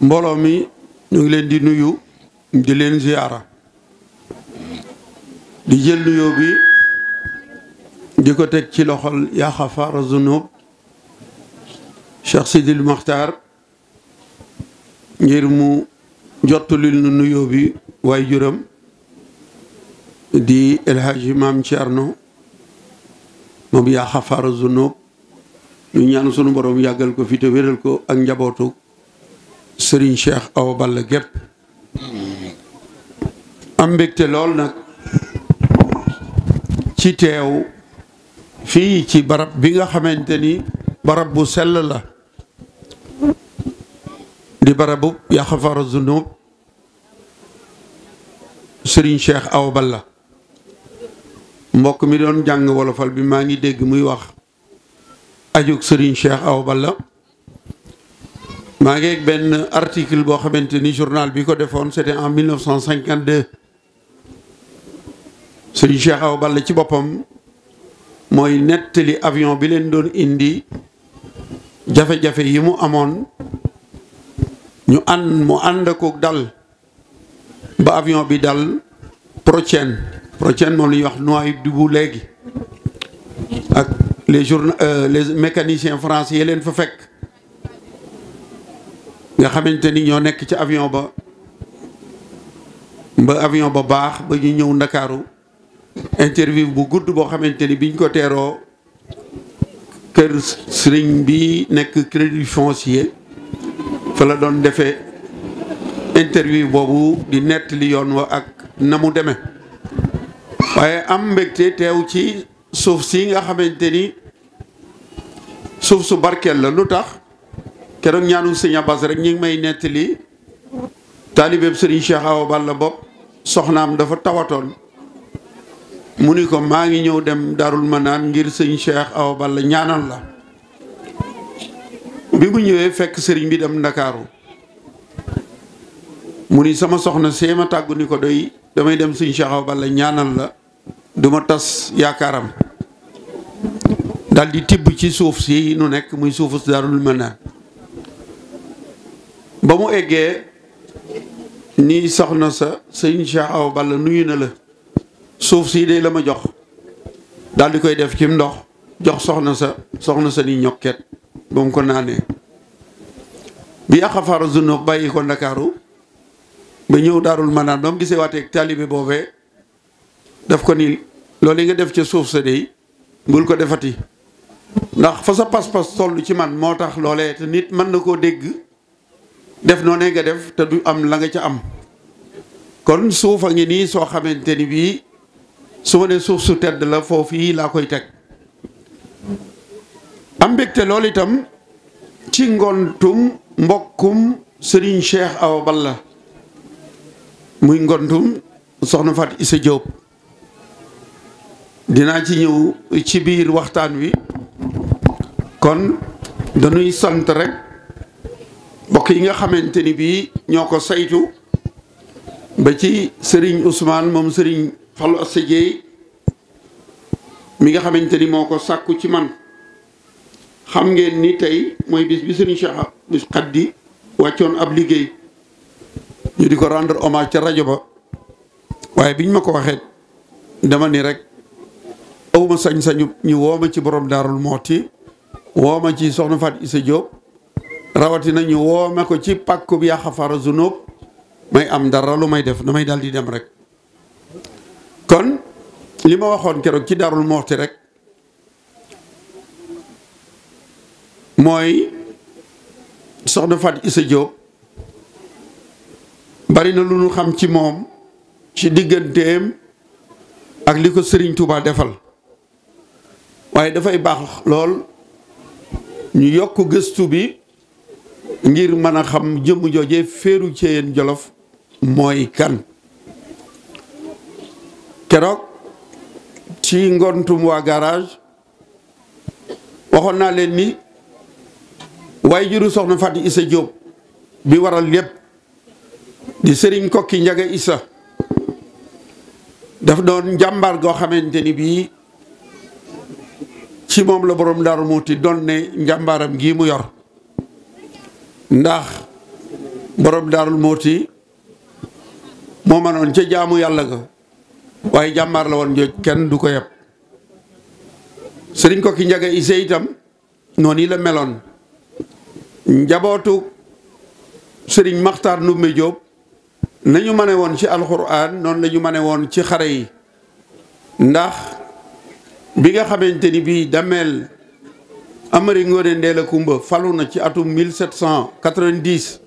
mbooloo mi ñu ngi leen di nuyu di leen ziyaara di jël nuyoo bi di ko teg ci loxol yaa xafaara zunub Cheikh Sidil Maxtaar ngir mu jottulil nu nuyoo bi waaye juram di El Hadji Maam Cerno moom yaa xafaara zunub ñu ñaan sunu borom yàggal ko fi te wéral ko ak njabootu sëriñ Cheikh Awa Balla gépp am mbégte lool nag ci teew fii ci barab bi nga xamante ni barab bu sell la di barabu yaxafara zunub sëriñ Cheikh Awa Balla mbokk mi doon jàng wolofal bi maa ngi dégg muy wax ajug sëriñ Cheikh Awa Balla maa ngi benn article boo xamante ni journal bi ko defoon c'était en 1952 Serigne Cheikh Awa Balla ci boppam mooy nettali avion bi leen doon indi jafe-jafe yi mu amoon ñu ànd mu ànd ko dal ba avion bi dal Prochène Prochène moom la ñuy wax Nouadhibou léegi ak les journa euh, les mécaniciens français yi leen fa fekk. nga xamante ni ñoo nekk ci avion ba ba avion ba baax ba ñu ñëw ndakaaru interview bu gudd boo xamante ni biñ ko teeroo kër sëriñ bi nekk crédit foncier fa la doon defee interview boobu di nettali yoon wa ak na mu demee waaye am mbégte teew ci suuf si nga xamante ni suuf su barkeel la lu tax keroog ñaanul sëñ Abbas rek ñu ngi may nettali taalibeeb sëriñ Cheikh Awa Balla bopp soxnaam dafa tawatoon mu ni ko maa ngi ñëw dem daarul Manaan ngir sëñ Cheikh Awa Balla ñaanal la bi mu ñëwee fekk sëriñ bi dem Ndakaaru mu ni sama soxna seema tàggu ni ko doy damay dem sëñ Cheikh Awa Balla ñaanal la duma tas yaakaaram dal di tibb ci suuf si nu nekk muy suufu Darul Manaan ba mu eggee nii soxna sa sëñ Cheikh Awa Balla nuyu na la suuf sii day la ma jox dal di koy def cim ndox jox soxna sa soxna sa ni ñokket ba mu ko naanee bi axafaara zunub bàyyi ko ndakaaru ba ñëw daarul manaan ba mu gisee waateeg taalibe boobee daf ko nii loolu yi nga def ca suuf sa dey bul ko defati ndax fa sa pas-pas toll ci man moo tax loolee te nit mën na koo dégg def noonee nga def te du am la nga ca am kon suuf a ngi nii soo xamante ni bii su ma ne suuf su tedd la foofii laa koy teg am mbégte loolu itam ci ngontum mbokkum Serigne Cheikh Awa Balla muy ngontum soxna Fat Issa Diop dinaa ci ñëw ci biir waxtaan wi kon danuy sant rek mbokk yi nga xamante ni bii ñoo ko saytu ba ci sëriñ Ousmane moom sëriñ Fallou Assé Dieye mi nga xamante ni moo ko sàkku ci man xam ngeen ni tey mooy bis bi sëriñ Cheikh Khady wàccoon ab liggéey ñu di ko rendre hommage ca rajo ba waaye biñ ma ko waxee dama ni rek awma sañ-sañu ñu wooma ci borom daarul mooti wooma ci soxna Faat Isa Diop rawatina ñu woome ko ci pàkkub yaa xafara zunub may am dara lu may def damay dal di dem rek kon li ma waxoon keroog ci darul moxti rek mooy soxna Fat Isa Diop bari na lu ñu xam ci moom ci digganteem ak li ko Sëriñ Tuuba defal waaye dafay baax lool ñu yokk gëstu bi ngir mën a xam jëmm jooje féeru Ceyeen Jolof mooy kan keroog ci ngontum waa garage waxoon naa leen ni waaye juru soxna Fatou Issa Diop bi waral lépp di sëriñ kokki njaga Issa daf doon njàmbaar goo xamante ni bii ci moom la boroom Daaru Muhti doon ne njàmbaaram gii mu yor ndax borom daarul mooti moo noon ca jaamu yàlla ga waaye jàmbaar la woon jooj kenn du ko yeb sëriñ Koki Njaga Ise itam yi la meloon njabootu sëriñ Maxtaar Ndumbe Jóob nañu ne woon ci alxuraan noonu la ñu mane woon ci xare yi ndax bi nga xamante ni bii dameel Amari Ngoone Ndeela falu na ci atum 1790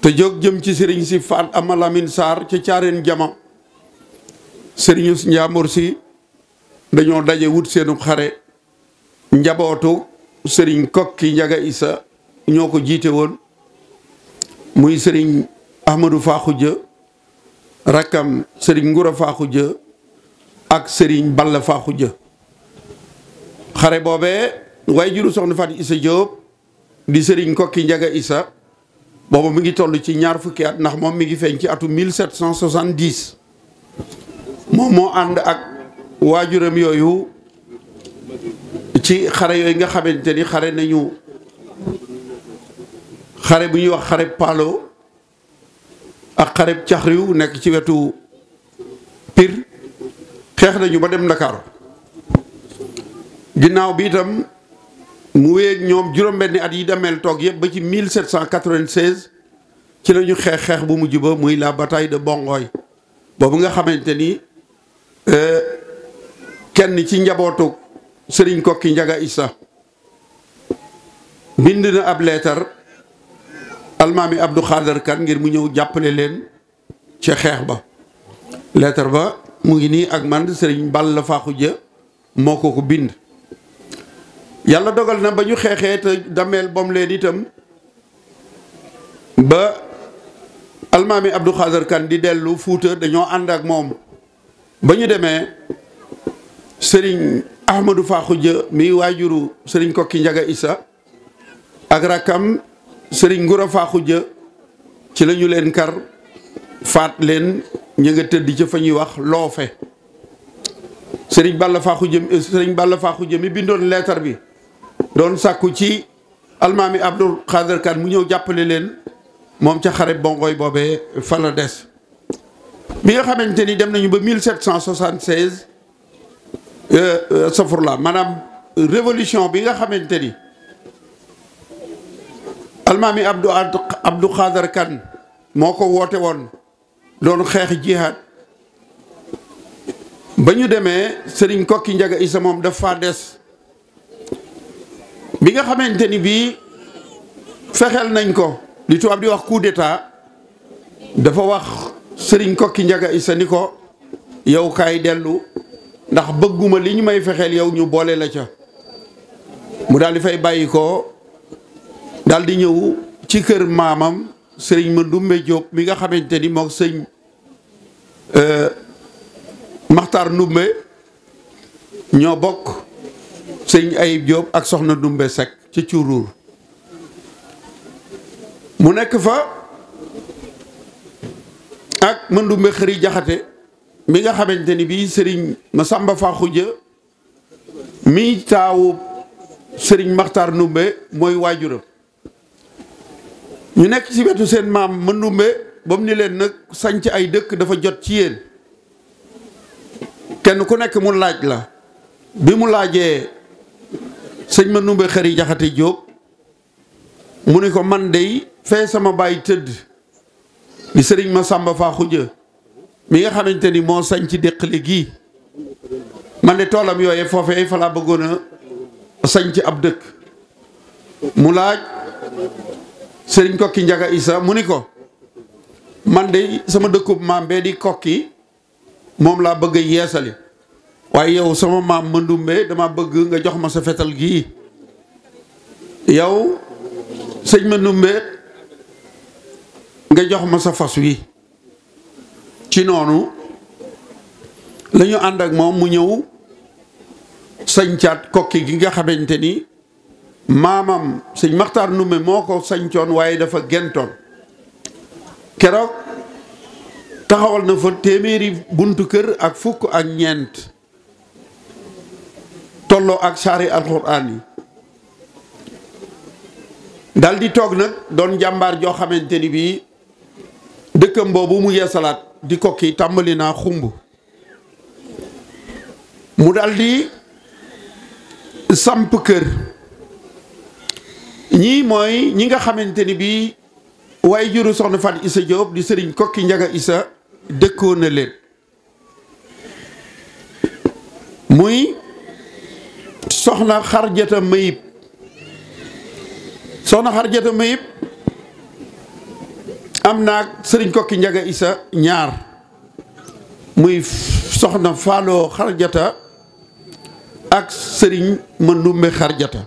te jóg jëm ci sëriñ si faat amalamin Sarr ca caareen jama sëriñu njaamur si dañoo daje wut seenu xare njabootu sëriñ kokki njaga isa ñoo ko jiite woon muy sëriñ ahmadou jë rakkam sëriñ ngura jë ak sëriñ balla faaxuja xare boobee waaye juru soxna Fatou Issa Diop di Serigne Kokki Njaga Issa boobu mi ngi tollu ci ñaar fukki at ndax moom mi ngi feeñ ci atu 1770 moom moo ànd ak waajuram yooyu ci xare yooyu nga xamante ni xare nañu xare bu ñuy wax xare Paalo ak xare Caxriw nekk ci wetu Pire xeex nañu ba dem Ndakaaru ginnaaw bi itam mu wéeg ñoom juróom-benni at yi demeel toog yëpp ba ci 1796 ci la ñu xeex xeex bu mujj ba muy la bataille de Bongoy boobu nga xamante ni euh, kenn ci njabootu sëriñ Kokki Njaga isa bind na ab leetar almaami Abdou Khader Kan ngir mu ñëw jàppale leen ci xeex ba leetar ba mu ngi nii ak man Serigne Balla Faxu Jë moo ko ko bind yàlla dogal na ba ñu xeexee te dameel bom leen itam ba almaami Abdou Khader Kane di dellu Fuuta dañoo ànd ak moom ba ñu demee sëriñ faaxu jë mi waajuru sëriñ Kokki Njaga Issa ak rakkam sëriñ Ngura jë ci lañu leen kar faat leen ñu nga tëdd ca fa ñuy wax loofe sëriñ Balla Fakhuja sëriñ Balla Fakhuja mi bindoon leetar bi doon sàkku ci almaami Abdul Xaadir Kan mu ñëw jàppale leen moom ca xare bongoy boobee fa la des bi nga xamante ni dem nañu ba 1776 euh, euh, safurla maanaam révolution bi nga xamante ni almaami Abdu Abdu Xaadir Kan moo ko woote woon doon xeex jihaad ba ñu demee sëriñ kokki njaga isa moom dafa des bi nga xamante ni bii fexeel nañ ko li tubaab di wax coup dafa wax sëriñ kokki njaga isa ni ko yow kaay dellu ndax bëgguma li ñu may fexeel yow ñu boole la ca mu daal di fay bàyyi ko daal ñëw ci kër maamam sëriñ Mandumbe Jóob mi nga xamante ni mook sëñ euh, Maxtaar Ndumbe ñoo bokk sëñ Ayib Diop ak soxna Dumbe Seck ci curuur mu nekk fa ak ma Dumbe xëri jaxate mi nga xamante ni bi sëriñ Masamba Faxuja mi taawu sëriñ Maxtaar Ndumbe mooy waajuram ñu nekk ci wetu seen maam mën Ndumbe ba mu ni leen nag sañc ay dëkk dafa jot ci yéen kenn ku nekk mu laaj la bi mu laajee sëñ ma numbe xëri jaxate jóob mu ni ko man dey fee sama baay tëdd di sëriñ ma sàmba faa xuja mi nga xamante ni moo sañ ci déqale gii man de toolam yooye foofee fa laa bëggoon sañ ci ab dëkk mu laaj sëriñ kokki njaga isa mu ni ko man de sama dëkku maam bee di kokki moom laa bëgg a yeesali waaye yow sama maam Mandumbe dama bëgg nga jox ma sa fetal gii yow sëñ Mandumbe nga jox ma sa fas wi ci noonu lañu ñu ànd ak moom mu ñëw sañcaat kokki gi nga xamante ni maamam sëñ Maxtaar Ndumbe moo ko sañcoon waaye dafa gentoon keroog taxawal na fa téeméeri buntu kër ak fukk ak ñeent tolloo ak saari alxuraan yi dal toog nag doon jàmbaar joo xamante ni bii dëkkam boobu mu yeesalaat di kokki tàmbali naa xumb mu daldi samp kër ñii mooy ñi nga xamante ni bi waaye juru soxna Faat Isa Jóob di sëriñ kokki njaga isa dëkkoon na muy soxna xarjata mayib soxna xarjata mayib am naag sëriñ kokki njaga isa ñaar muy soxna faaloo xarjata ak sëriñ ndumbe xarjata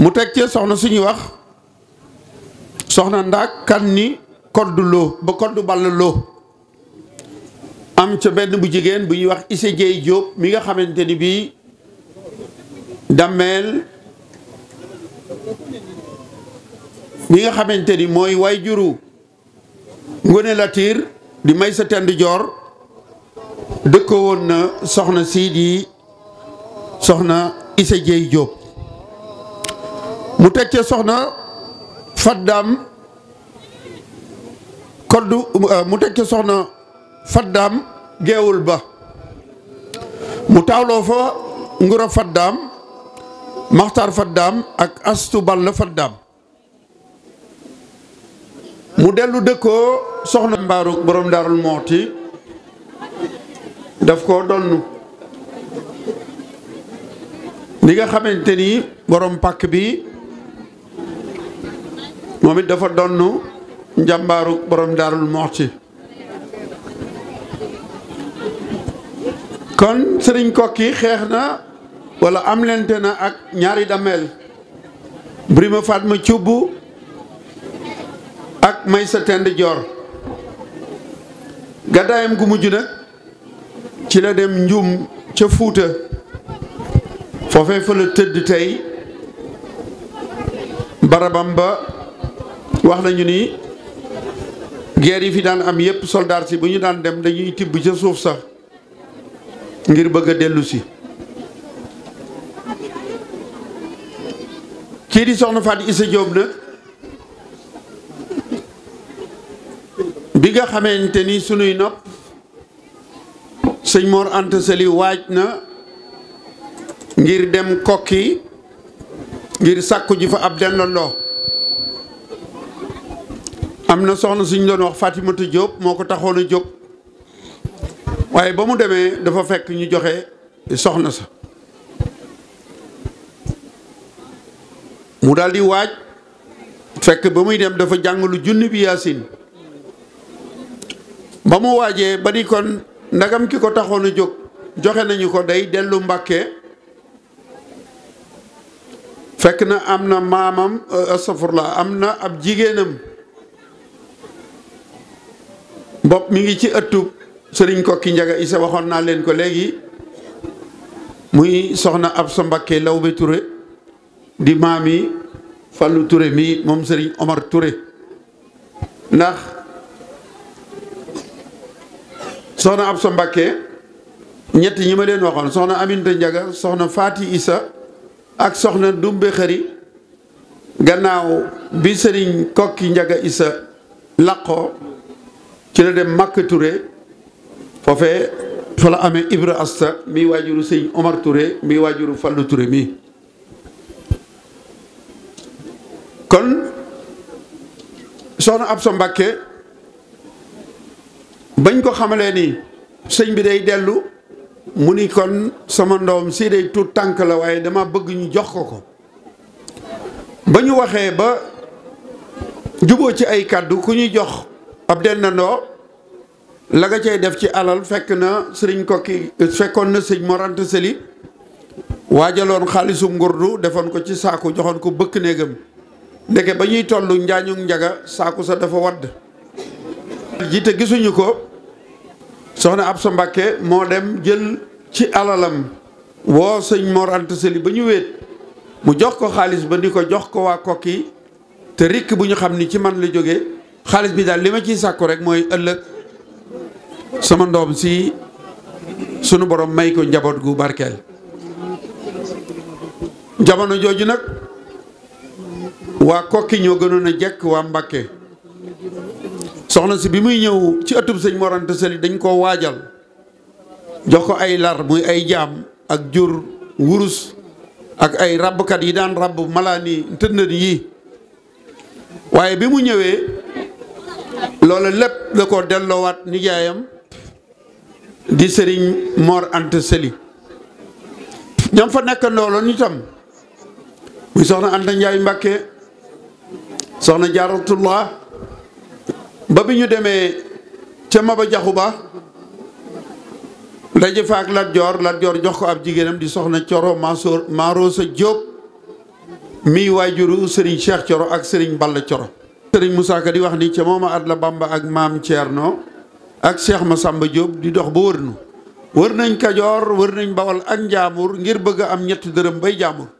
mu teg ci soxna suñuy wax soxna ndaag kan ni kodd loo ba kodd ball loo am ca benn bu jigéen bu ñuy wax Issa Dieye Diop mi nga xamante ni bii dammeel mi nga xamante ni mooy way juru Ngoné Latyr di may sa tend joor dëkkoo woon na soxna sii di soxna Issa Dieye mu teg ca soxna Fat Dame Koddu euh, mu teg ca soxna faddaam geewul ba mu taawloo fa ngura faddaam maxtaar faddaam ak astu ball faddaam mu dellu dëkkoo soxna mbaaruk borom daarul moxti daf ko donnu li nga xamante ni borom pàkk bi moom it dafa donn njàmbaaruk borom daarul moxti kon sëriñ Kokki xeex na walla am lente na ak ñaari dameel Birima ma Cubb ak Maysa Tend Joor gàddaayam gu mujj nag ci la dem njum ca Fuuta foofee fa la tëdd tey barabam ba wax nañu ni guerre yi fi daan am yépp soldaar si bu ñu daan dem dañuy tibb ca suuf sax ngir bëgg a dellu si kii di soxna Fatou Issa Diop nag bi nga xamante ni sunuy nopp sëñ Mor Anta Sali waaj na ngir dem kokki ngir sàkku ji fa ab delloo am na soxna suñ doon wax Fatimata Diop moo ko taxoon a jóg waaye ba mu demee dafa fekk ñu joxe soxna sa mu daldi waaj fekk ba muy dem dafa jàng lu junni bi yaasin ba mu waajee ba di kon ndagam ki ko taxoon a jóg joxe nañu ko day dellu mbàkke fekk na am na maamam euh, astafurla am na ab jigéenam bopp mu ngi ci ëttub sëriñ Kokki Njaga Isa waxoon naa leen ko léegi muy soxna ab sa Mbakke Lawbe Touré di maami Fallou ture mii moom sëriñ Omar Touré ndax soxna ab sa Mbakke ñett ñi ma leen waxoon soxna Aminta Njaga soxna Faati Isa ak soxna Dumbe Xëri gannaaw bi sëriñ Kokki Njaga Isa làqoo ci la dem Màkka Touré foofee fa amee Ibra Asta mi waajuru sëñ Omar Touré mi waajuru Fallou Touré mi kon soxna Absa Mbàkke bañ ko xamalee ni sëñ bi day dellu mu ni kon sama ndoom si day tuut tànk la waaye dama bëgg ñu jox ko ko ba ñu waxee ba juboo ci ay kàddu ku ñuy jox ab ndoo la nga cay def ci alal fekk na sëriñ kokki fekkoon na sëñ Mor Anta Sali waajaloon xaalisum ngurdu defoon ko ci saaku joxoon ko bëkk néegam ndege ba ñuy toll njaañu njaga saaku sa dafa wadd jiite gisuñu ko soxna ab sa Mbàkke moo dem jël ci alalam woo sëñ Mor Anta ba ñu wéet mu jox ko xaalis ba ni ko jox ko waa kokki te rikk bu ñu xam ni ci man la jóge xaalis bi daal li ma ciy sàkku rek mooy ëllëg sama ndoom si sunu borom may ko njaboot gu barkeel jamono jooju nag waa kokki ñoo gënoon a jekk waa Mbàkke soxna si bi muy ñëw ci ëttub sëñ Mor Anta Sali dañ koo waajal jox ko ay lar muy ay jaam ak jur wurus ak ay rabbkat yi daan rabb malaani tëndën yi waaye bi mu ñëwee loola lépp la ko delloowaat nijaayam di sëriñ Mor Anta Sëli ñam fa nekk looloon itam muy soxna Anta Ndiaye Mbàkke soxna Jaaratullah ba bi ñu demee ca Maba Jaxu Ba daje fa ak Lat Joor jox ko ab jigéenam di soxna Coro Mansour Marosa Diop mi waajuru sëriñ Cheikh Coro ak sëriñ Balla Coro sëriñ Moussa di wax ni ca mooma at la Bamba ak maam Thierno ak ma Massamba Diop di dox ba wër nu nañ Kajoor wër nañ Bawol ak Njaamur ngir bëgg am ñetti dërëm bay jaamur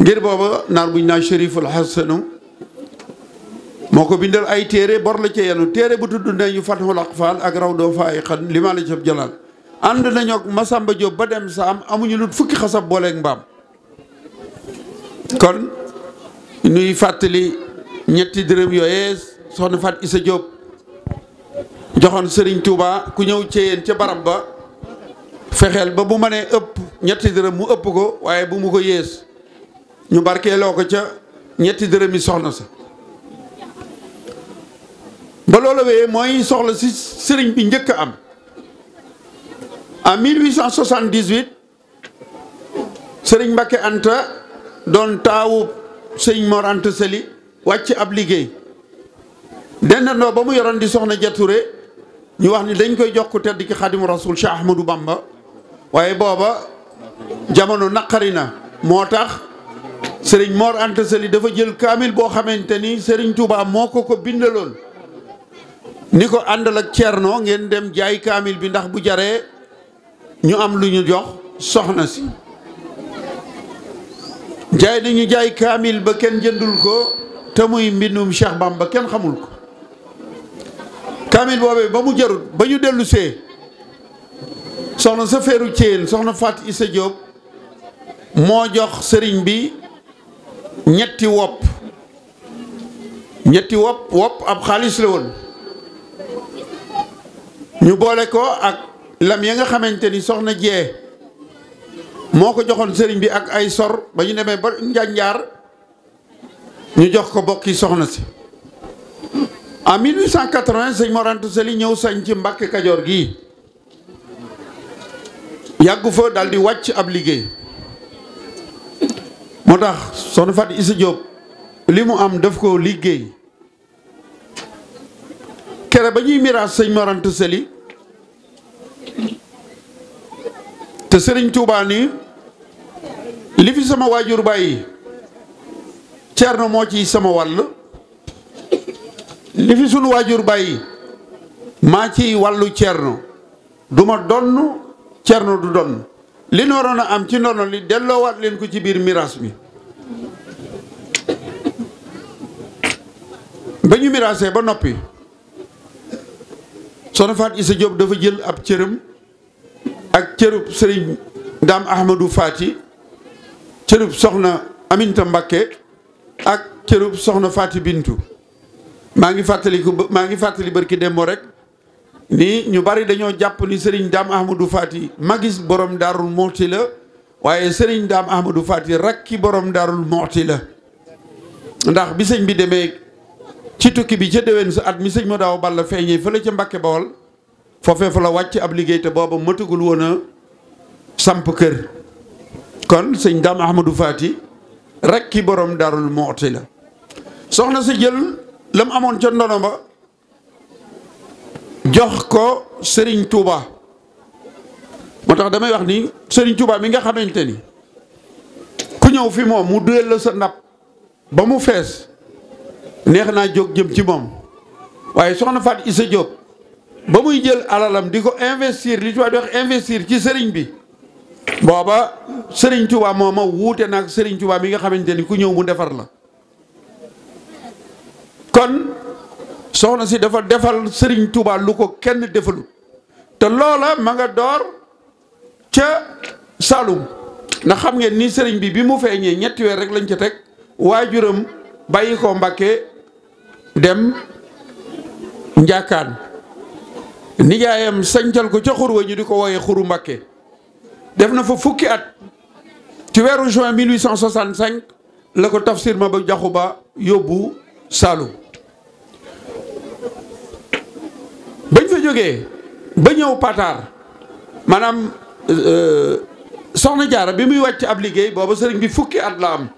ngir booba naar buñ naa Chériful Hasanu moo ko bindal ay téere bor la ca yenu téere bu tudd nañu Fathul Aqfal ak Rawdu Faa'iqan li maa la ca jalal ànd nañoo ak Massamba Diop ba dem saam amuñu lu fukki xasab booleeg mbaam kon nuy fàttali ñetti dërëm yooyee soxna Faat Isa Diop joxoon sëriñ Touba ku ñëw ceyeen ca barab ba fexeel ba bu ma nee ëpp ñetti dërëm mu ëpp ko waaye bu mu ko yées ñu barkeeloo ko ca ñetti dërëm yi soxna sa ba loola wee mooy soxla si sëriñ bi njëkk am en 1878 sëriñ Mbacke Anta doon taawu sëriñ Mor Anta Sali wàcc ab liggéey dendandoo ba mu yoroon di soxna Jature ñu wax ni dañ koy jox ku tedd ki xadimu rasul Cheikh Ahmadou Bamba waaye booba jamono naqari na moo tax sëriñ Mor Anta Sali dafa jël kaamil boo xamante ni sëriñ Touba moo ko ko bindaloon ni ko àndal ak Thierno ngeen dem jaay kaamil bi ndax bu jaree ñu am lu ñu jox soxna si jaay nañu jaay kaamil ba kenn jëndul ko te muy mbindum Cheikh Bamba kenn xamul ko kaamil boobee ba mu jarut ba ñu dellusee see soxna sa feeru Thiel soxna Fatou Issa Diop moo jox sëriñ bi ñetti wopp ñetti wopp wopp ab xaalis la woon ñu boole ko ak lam ya nga xamante ni soxna jee moo ko joxoon sëriñ bi ak ay sor ba ñu demee ba njanjaar ñu jox ko bokki soxna si en 1880 sëñ Mor Anta Sali ñëw sañ ci Mbàkke Kajoor gii yàggu fa daal di wàcc ab liggéey moo tax soxna Fatou Issa Diop li mu am daf ko liggéey kere ba ñuy miraas sëñ Mor Anta te sëriñ Tuubaa ni li fi sama waajur bàyyi na moo ci sama wàll li fi sunu waajur bàyyi maa ci wàllu cerno du ma donn cerno du donn li nu waroon a am ci ndono li delloowaat leen ko ci biir miraas mi ba ñu miraasee ba noppi soxna Faat Isa Jóob dafa jël ab cërëm ak cërub sëriñ Daam Ahmadou Faati cërub soxna Aminta Mbakke ak cërub soxna Faati Bintu maa ngi fàttali ko maa ngi fàttali barki Dembo rek ni ñu bari dañoo jàpp ni Serigne Dame Ahmadou Fati magis boroom daarul Mouhty la waaye Serigne Dame Ahmadou Fati rakki boroom Darou Mouhty la ndax bi sëñ bi demee ci tukki bi ca déwén sa sëñ ma daaw balla feeñee fële ca Mbakke Bawol foofee fa la wàcc ab liggéey booba matagul woon samp kër kon sëñ Dame Ahmadou Fati rakki borom Darou Mouhty la soxna si jël. lam amoon ca ndono ba jox ko sëriñ Touba moo tax damay wax ni Serigne Touba mi nga xamante ni ku ñëw fi moom mu duyal la sa ndab ba mu fees neex naa jóg jëm ci moom waaye soxna Faat Isa Diop ba muy jël alalam di ko investir li tubaab di wax investir ci Serigne bi booba Serigne Touba mooma wuute naag Serigne Touba mi nga xamante ni ku ñëw mu defar la. kon soxna si dafa defal Serigne Touba lu ko kenn defalu te loola ma nga door ca Saloum ndax xam ngeen ni sëriñ bi bi mu feeñee ñetti weer rek lañ ca teg waajuram bàyyi ko Mbàkke dem Njaakaan nijaayam sañcal ko ca xurwa ñu di ko woyee xuru Mbàkke def na fa fukki at ci weeru juin 1865 la ko tafsir ma ba jaxu ba yóbbu Saloum jóge ba ñëw Pataar maanaam euh, soxna jaara bi muy wàcc ab liggéey booba sëriñ bi fukki at la am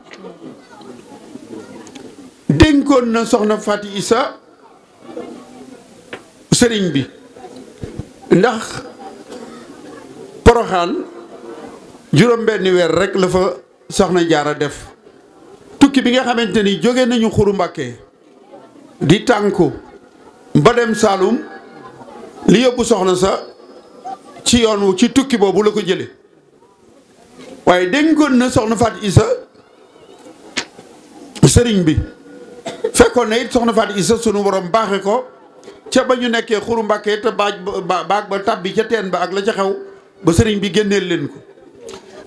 dénkoon na soxna Fati sa sëriñ bi ndax poroxaan juróom benni weer rek la fa soxna jaara def tukki bi nga xamante ni jóge nañu xuru Mbàkke di tànku ba dem Saalum li yóbbu soxna sa ci yoon ci tukki boobu la ko jële waaye dénkoon na soxna Faat Isa sëriñ bi fekkoon na it soxna Faat Isa sunu borom baaxe ko ca ba ñu nekkee xuru mbàkkee te baaj ba baag ba tàbbi ca teen ba ak la ca xew ba sëriñ bi génneel leen ko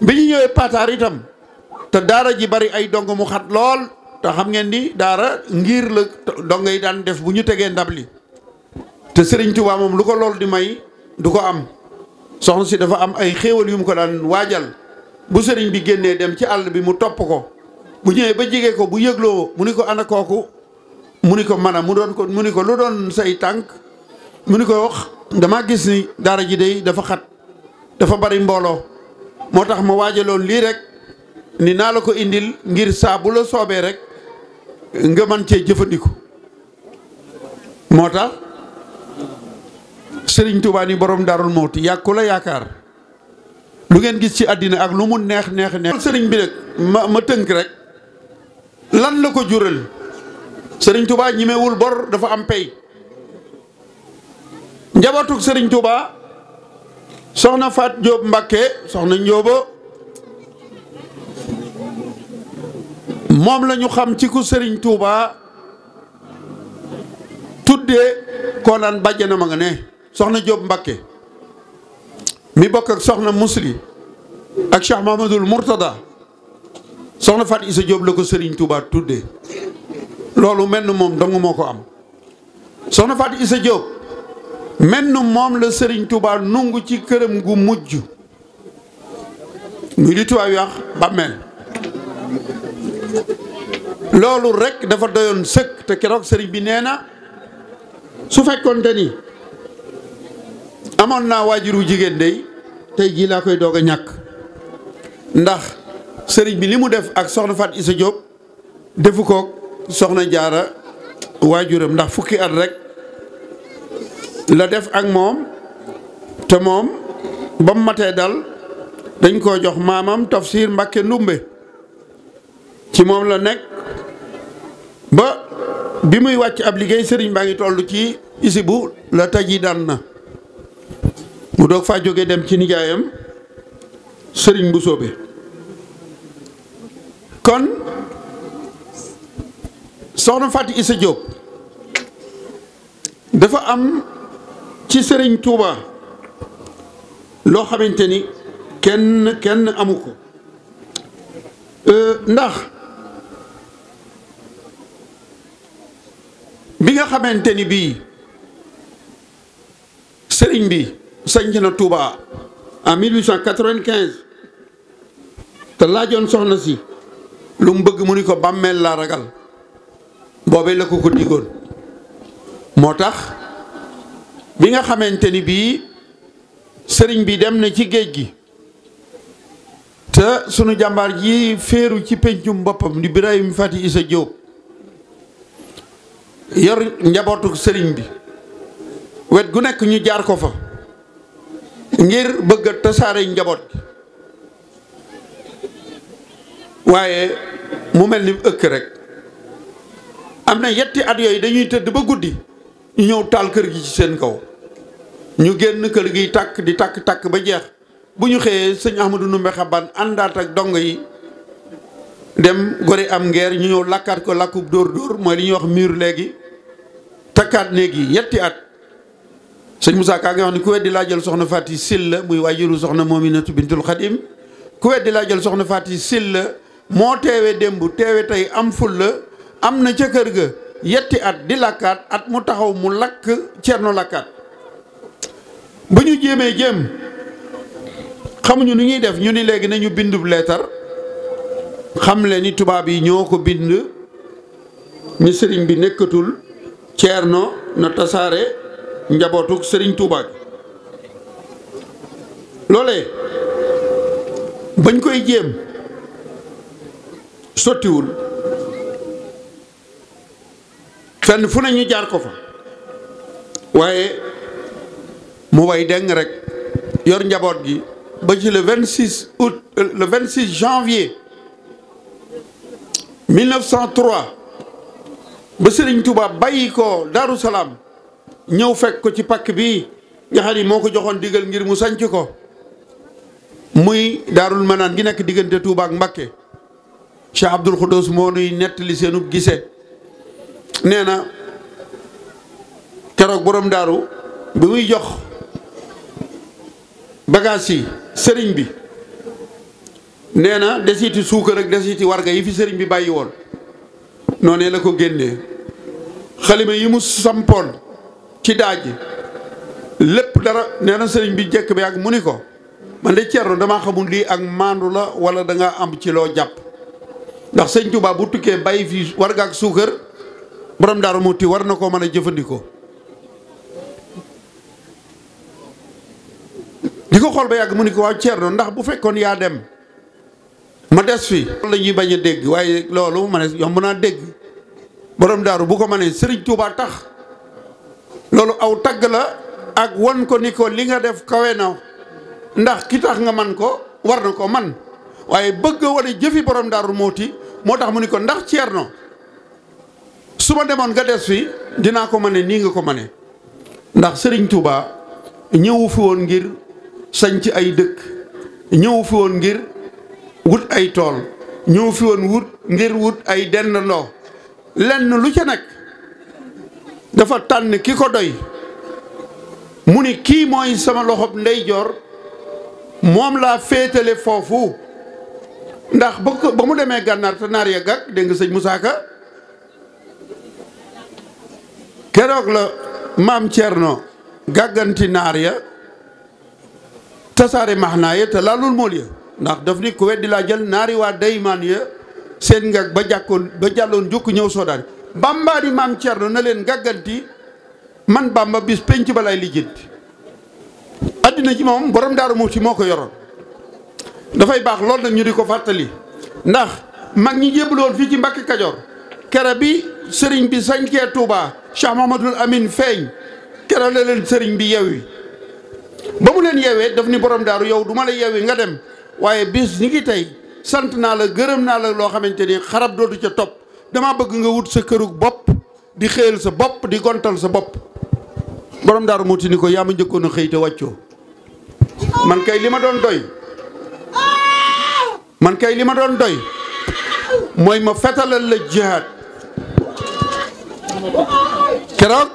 bi ñu ñëwee paataar itam te daara ji bari ay dong mu xat lool te xam ngeen di daara ngir la dong yi daan def bu ñu tegee ndab li te sëriñ ti waa moom lu ko lool di may du ko am soxna si dafa am ay xéewal yu mu ko daan waajal bu sëriñ bi génnee dem ci àll bi mu topp ko bu ñëwee ba jege ko bu yëgloo mu ni ko ana kooku mu ni ko mana mu doon ko mu ni ko lu doon say tànk mu ni ko wax dama gis ni daara ji dey dafa xat dafa bari mbooloo moo tax ma waajaloon lii rek ni naa la ko indil ngir saa bu la soobee rek nga man cee jëfandiku moo tax sëriñ Touba ni borom daarul mawti yàkku la yaakaar lu ngeen gis ci àddina ak lu mu neex neex neex sëriñ bi nag ma ma tënk rek lan la ko jural sëriñ Touba ñimewul bor dafa am pay njabootuk sëriñ Touba soxna Faat Jóob Mbàkke soxna Njóoba moom lañu xam ci ku sëriñ Touba tuddee koo naan bàjjanam a nga ne soxna jóob Mbakke mi bokk ak soxna Musli ak Cheikh Mahmadul Mourtada soxna Fat Isa Diop la ko Serigne tuubaa tuddee loolu mel ni moom dong moo ko am soxna Fat Isa Diop mel ni moom la sëriñ Touba nungu ci këram gu mujj muy li tubaab yi bàmmeel loolu rek dafa doyoon sëkk te keroog sëriñ bi nee na su fekkoonte ni. amoon naa waajuru jigéen day tey jii laa koy doog a ñàkk ndax sëriñ bi li mu def ak soxna Faat Isa Diop defu koog soxna jaara waajuram ndax fukki at rek la def ak moom te moom ba mu matee dal dañ koo jox maamam tafsir mbakke Ndumbe ci moom la nekk ba bi muy wàcc ab liggéey sëriñ baa ngi toll ci isi bu la taji daan na mu doog faa jóge dem ci nijaayam sëriñ bu soobe kon soxna Faty sa Diop dafa am ci sëriñ Touba loo xamante ni kenn kenn amu ko euh, ndax bi nga xamante ni bii sëriñ bi sanc na Touba en 1895 te laajoon soxna si lu mu bëgg mu ni ko bàmmeel laa ragal boobee la ko ko digoon moo tax bi nga xamante ni bii sëriñ bi dem na ci géej gi te sunu jàmbaar ji féeru ci pencum boppam di Birahim Fati Isa Diop yor njabootu sëriñ bi wet gu nekk ñu jaar ko fa ngir bëgg a tasaare njaboot waaye mu mel ni ëkk rek am na yetti at yooyu dañuy tëdd ba guddi ñu ñëw taal kër gi ci seen kaw ñu génn kër gi tàkk di tàkk tàkk ba jeex bu ñu xëyee sëñ Ahmadou Ndoumbé Xaban àndaat ak dongo yi dem gori am ngeer ñu ñëw lakkaat ko lakkub dóor dóor mooy li ñuy wax mur léegi takkaat néeg yi yetti at sëñ Moussa Ka nga wax ne ku weddi laa jël soxna Faati Silla muy waajuru soxna Moominatu bintul Xadim ku weddi laa jël soxna Faati Silla moo teewe démb teewe tey am ful am na ca kër ga yetti at di lakkaat at mu taxaw mu lakk cerno lakkaat bu ñu jéemee jéem xamuñu nu ñuy def ñu ni léegi nañu bindub leetar xam le ni tubaab yi ñoo ko bind ni sëriñ bi nekkatul cerno na tasaare njabootuk sëriñ Touba loolee bañ koy jéem sottiwul fenn fu nañu jaar ko fa waaye mu way deng rek yor njaboot gi ba ci le 26 août euh, le 26 janvier 1903 ba sëriñ Touba bàyyi ko Daaru Salaam ñëw fekk ko ci pakk bi nga yi moo ko joxoon digal ngir mu sanc ko muy daarul manaan gi nekk diggante tuubaak ak Mbakke Cheikh Abdoul Khoudous moo nuy nettali seenub gise nee na keroog boroom daaru bi muy jox bagaas yi sëriñ bi nee na desiti suukar ak desiti warga yi fi sëriñ bi bàyyi woon noonee la ko génnee xalima yi mu sampoon ci daaj ji lépp dara nee na sëriñ bi jekk bi ak mu ni ko man de Thierno damaa xamul lii ak maandu la wala da nga am ci loo jàpp ndax sëñ Touba bu tukkee bàyyi fii war nga ak suukar borom daaru muti war na koo mën a jëfandikoo. di ko xool ba yàgg mu ni ko waaw Thierno ndax bu fekkoon yaa dem ma des fi loolu la ñuy bañ a dégg waaye loolu ma ne yomb naa dégg borom daaru bu ko mënee sëriñ Touba tax. loolu aw tagg la ak won ko ni ko li nga def kawe na ndax ki tax nga man ko war na ko man waaye bëgg a jëfi borom daaru mooti moo tax mu ni ko ndax ceerno su ma demoon nga des fi dinaa ko mane nii nga ko mane ndax sëriñ Touba ñëwu fi woon ngir sañc ay dëkk ñëwu fi woon ngir wut ay tool ñëw fi woon wut ngir wut ay dendandoo lenn lu ca nekk dafa tànn ki ko doy mu ni kii mooy sama loxob ndeyjoor moom laa féetale foofu ndax ba ba mu demee gànnaar te naar ya gàkk dégg nga sëñ Moussa Ka keroog la maam Thierno gàgganti naar ya tasaare max naa te laalul mool ya ndax daf ni ku weddi laa jël naari waa daymaan ya seen ngag ba jàkkoon ba jàlloon jukk ñëw soodaani bamba di maam Cerno na leen gàgganti man bamba biis penc ba lay lijjanti addina ji moom borom daaru muuti moo ko yoroon dafay baax lool nag ñu di ko fàttali ndax mag ñi jébbaloon fii ci Mbàkke Kajoor kere bi sëriñ bi sañcee Touba Cheikh Mahamadul Amin feeñ kere la leen sëriñ bi yewi ba mu leen yewee daf ni borom daaru yow duma la yewi nga dem waaye bis ñu ngi tey sant naa la gërëm naa la loo xamante ni xarab dootu ca topp dama bëgg nga wut sa kërug bopp di xëyal sa bopp di gontal sa bopp borom daaru muuti ni ko yaa ma njëkkoon a xëy te wàccoo man kay li ma doon doy man li ma doon doy mooy ma fetalal la jihaad keroog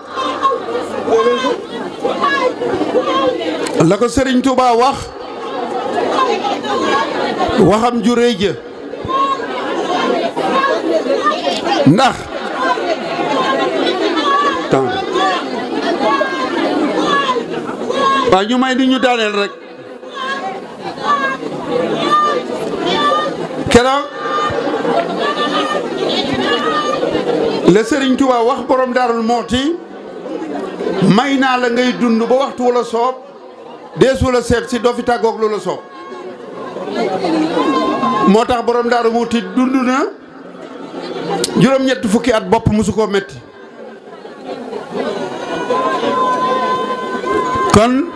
la ko Sëriñ Tuubaa wax waxam ju rëy ja ndax temps waaw ñu may di ñu daaneel rek keroog la Serigne Touba wax borom daarul mooti may naa la ngay dund ba waxtu wala soob deesu la seet si doo fi la soob moo tax borom daarul mooti dund na juróom-ñett fukki at bopp mësu koo metti kon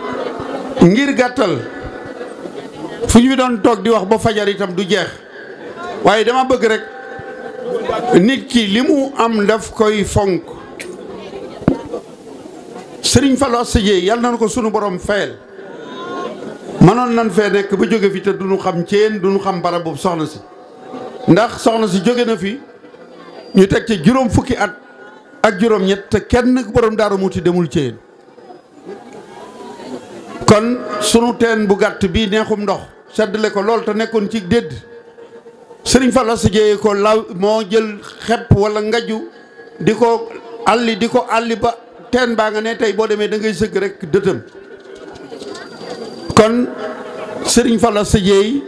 ngir gàttal fu ñu doon toog di wax ba fajar itam du jeex waaye dama bëgg rek nit ki li mu am daf koy fonk sëriñ Fallou Asta Dieye yàlla nañu ko sunu borom fayal mënoon nan fee nekk ba jóge fi te duñu xam ceen duñu xam barab boobu soxna si ndax soxna si jóge na fi ñu teg ci juróom fukki at ak juróom ñett te kenn borom daaru muuti demul ci kon sunu teen bu gàtt bii neexum ndox seddale ko lool te nekkoon ci dédd sëriñ Fallou Asta Dieye ko law moo jël xepp wala ngaju di ko alli di ko alli ba teen baa nga ne tey boo demee da ngay sëgg rek dëtëm kon sëriñ Fallou Asta Dieye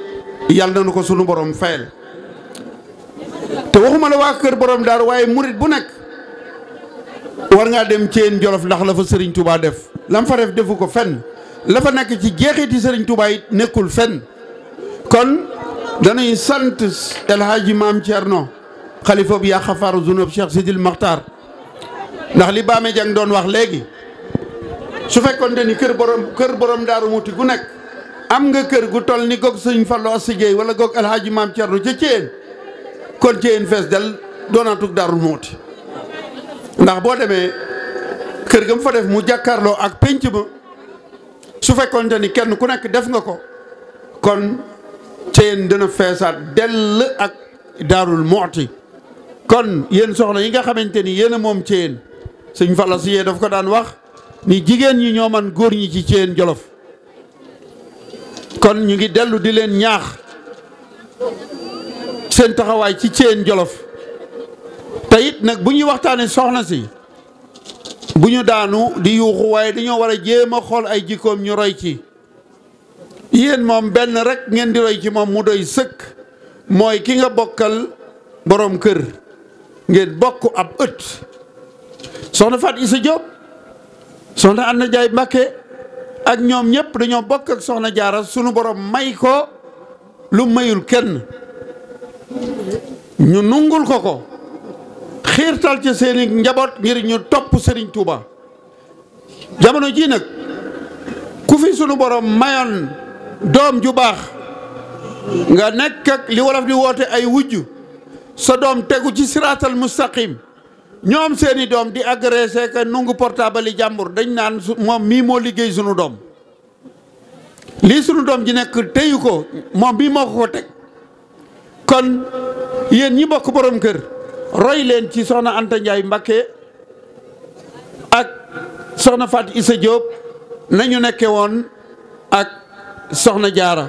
yàlla na ko sunu borom fayal te waxuma la waa kër borom daaru waaye murit bu nekk war ngaa dem Thiène Jolof ndax la fa Serigne tubaa def lam fa def defu ko fenn la fa nekk ci jeexiti sëriñ Touba it nekkul fenn kon dañuy sant El Hadji Maam Thierno xalifa bi yaa xafaaru zunub Cheikh Sidil Makhtar ndax li Bamé Dieng doon wax léegi su fekkoonte ni kër borom kër borom daaru Muti gu nekk am nga kër gu toll ni goog Serigne Fallou Assigey wala goog El Hadji Maam Thierno ca Thiène kon jéyeen fees del doonaatuk daarul muuti ndax boo demee kër ga mu fa def mu jàkkaarloo ak pénc ma su fekkoon te ni kenn ku nekk def nga ko kon ceyeen dana feesaat dell ak daarul muuti kon yéen soxna yi nga xamante ni yéen moom ceyeen sëñ Fallou Seye daf ko daan wax ni jigéen ñi ñoo man góor ñi ci ceyeen jolof kon ñu ngi dellu di leen ñaax seen taxawaay ci ceen jolof te nag bu ñuy waxtaanee soxna si bu ñu daanu di yuuxu waaye dañoo war a jéem a xool ay jikkoom ñu roy ci yéen moom benn rekk ngeen di roy ci moom mu doy sëkk mooy ki nga bokkal boroom kër ngeen bokk ab ëtt soxna Fat Issa Diop soxna Anna Jaay Mbàkke ak ñoom ñëpp dañoo bokk ak soxna Jaara suñu boroom may ko lu mayul kenn ñu nungul ko ko xiirtal ci seeni njaboot ngir ñu topp Serigne tuuba jamono jii nag ku fi sunu borom mayoon doom ju baax nga nekk ak li wolof di woote ay wujj sa doom tegu ci siraatal mustaqim ñoom seeni doom di agressé que nungu portaabali jàmbur dañ naan moom mii moo liggéey sunu doom lii sunu doom ji nekk teyu ko moom mii moo ko ko teg kon yéen ñi bokk borom kër roy leen ci soxna Anta Ndiaye Mbakke ak soxna Fatou Issa Diop nañu nekke woon ak soxna jaara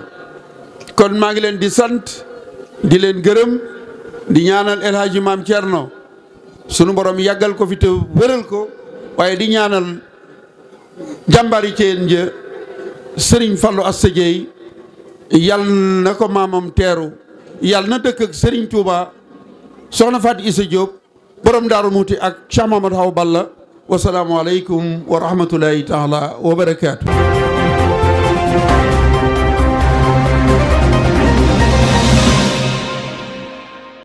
kon maa ngi leen di sant di leen gërëm di ñaanal El Hadji Maam Thierno sunu borom yàggal ko fi te wëral ko waaye di ñaanal jàmbari ceen ja Sëriñ Fallu Asta Jeey yal na ko maamam teeru yàlla na dëkk ak Serigne Touba soxna Fatou Issa Diop borom Daaru Muuti ak Cheikh Mamadou Haw Balla wasalaamualeykum wa rahmatulahi taala wa barakaatu.